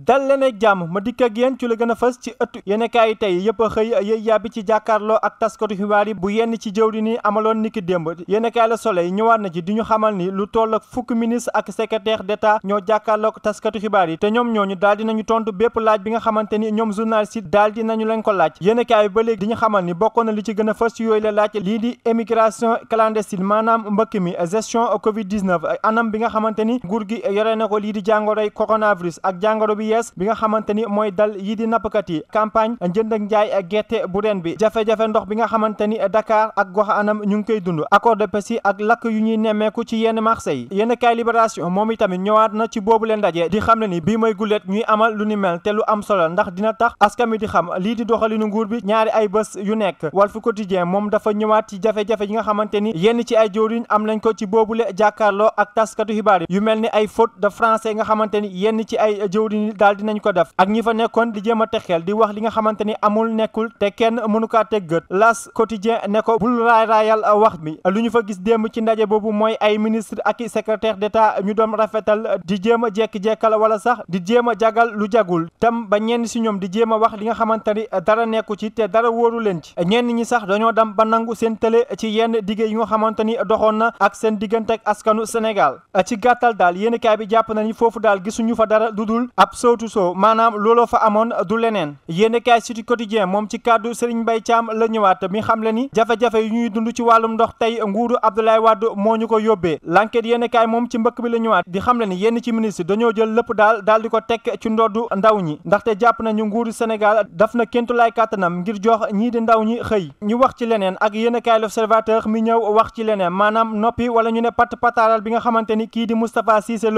dal leen ak jàmm ma dikk ak yéen ci la gën a fës ci ëttu yéenekaay yi tey yëpp a xëy yëy yàbbi ci jàkkaarloo ak taskatu xibaar yi bu yenn ci jëwriñ nii amaloon niki démb yéenekaay la Soleil ñëwaat na ci di ñu xamal ni lu toll ak fukki ministre ak secrétaire d'État ñoo jàkkaarloo taskatu xibaar yi te ñoom ñooñu daal nañu tontu bépp laaj bi nga xamante ni ñoom journaliste yi daal dinañu leen ko laaj yéenekaay bi ba léegi di ñu xamal ni bokkoon na li ci gën a fës yooyu la laaj lii di émigration clandestine maanaam mbëkk mi gestion covid 19 anam bi nga xamante ni nguur gi yore na ko lii di jàngoroy coronavirus ak jàngoro bi yees bi nga xamante ni mooy dal yi di nappkat yi campagne njënd ak njaay gerte bu ren bi jafe-jafe ndox bi nga xamante ni Dakar ak gox anam ñu ngi koy dund accord de Pesci ak lakk yu ñuy nemmeeku ci yenn marché yi yenn kaay libération moom itamit ñëwaat na ci boobu leen ndaje di xam ne ni bii mooy gulet ñuy amal lu ni mel te lu am solo ndax dina tax askan wi di xam lii di doxalinu nguur bi ñaari ay bés yu nekk Walf Quotidien moom dafa ñëwaat ci jafe-jafe yi nga xamante ni yenn ci ay jawriñ am nañ ko ci boobule jàkkaarloo ak taskatu xibaar yu mel ni ay faute de français nga xamante ni yenn ci ay jawriñ dal dinañ ko def ak ñi fa nekkon di jema a di wax li nga xamanteni amul nekkul te kenn mënu ka teg geut las quotidien ne ko bul ray rayal wax mi luñu fa gis dem ci ndaje bobu moy ay ministre ak secrétaire d'état ñu doon rafetal di jema jek jekki wala sax di jema jagal lu jagul tam ba ñenn ci ñom di jema wax li nga xamanteni dara nekkul ci te dara woru len ci ñenn ñi sax dañoo dam ba nangu seen télé ci yenn digge yi nga xamanteni doxon na ak seen diggante ak askanu Sénégal ci gatal dal yene kay bi japp na fofu dal gisunu fa dara dudul ab sow to sow maanaam looloo fa amoon du leneen yéene kaay Sud Quotidien moom ci kàddu Serigne Mbaye Thiam la ñëwaat mi xam le ni jafe-jafe yu ñuy dund ci wàllum ndox tey nguuru Abdoulaye Wade moo ñu ko yóbbee l'enquête yéene kaay moom ci mbëkk bi la ñëwaat di xam le ni yenn ci ministre dañoo jël lépp daal daal di ko tekk ci ndoddu ndaw ñi ndaxte jàpp nañu nguuru Sénégal daf na kéntu laay kàttanam ngir jox ñii di ndaw ñi xëy ñu wax ci leneen ak yéene kaay l'Observateur mi ñëw wax ci leneen maanaam noppi wala ñu ne pat pataaral bi nga xamante ni kii di Moustapha Cissé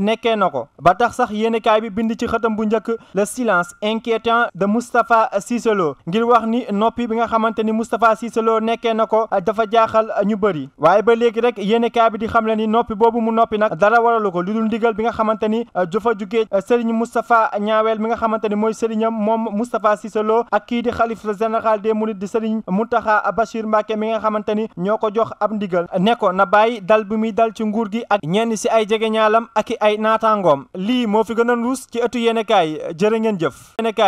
nekkee na ko bind ci xëtam bu ñëk le silence inquiétant de Mustafa Cissé ngir wax ni nopi bi nga xamanteni Mustafa nekké nako dafa jaaxal ñu bari waye ba légui rek yene ka bi di xam le ni nopi bobu mu nopi nak dara waralu ko ndigal bi nga xamanteni euh, jofa jugee euh, Serigne Mustafa Ñaawel mi nga xamanteni moy mooy mom Mustafa Moustapha ak ki di xalif général des mourides di Serigne Mountakha Bachir Mbake mi nga xamanteni ñoko jox ab ndigal ne na bàyyi dal bu mi dal ci nguur gi ak ñenn si ay jegeñaalam ak ay natangom li mo fi gënal rus ci ëttu yéenekaay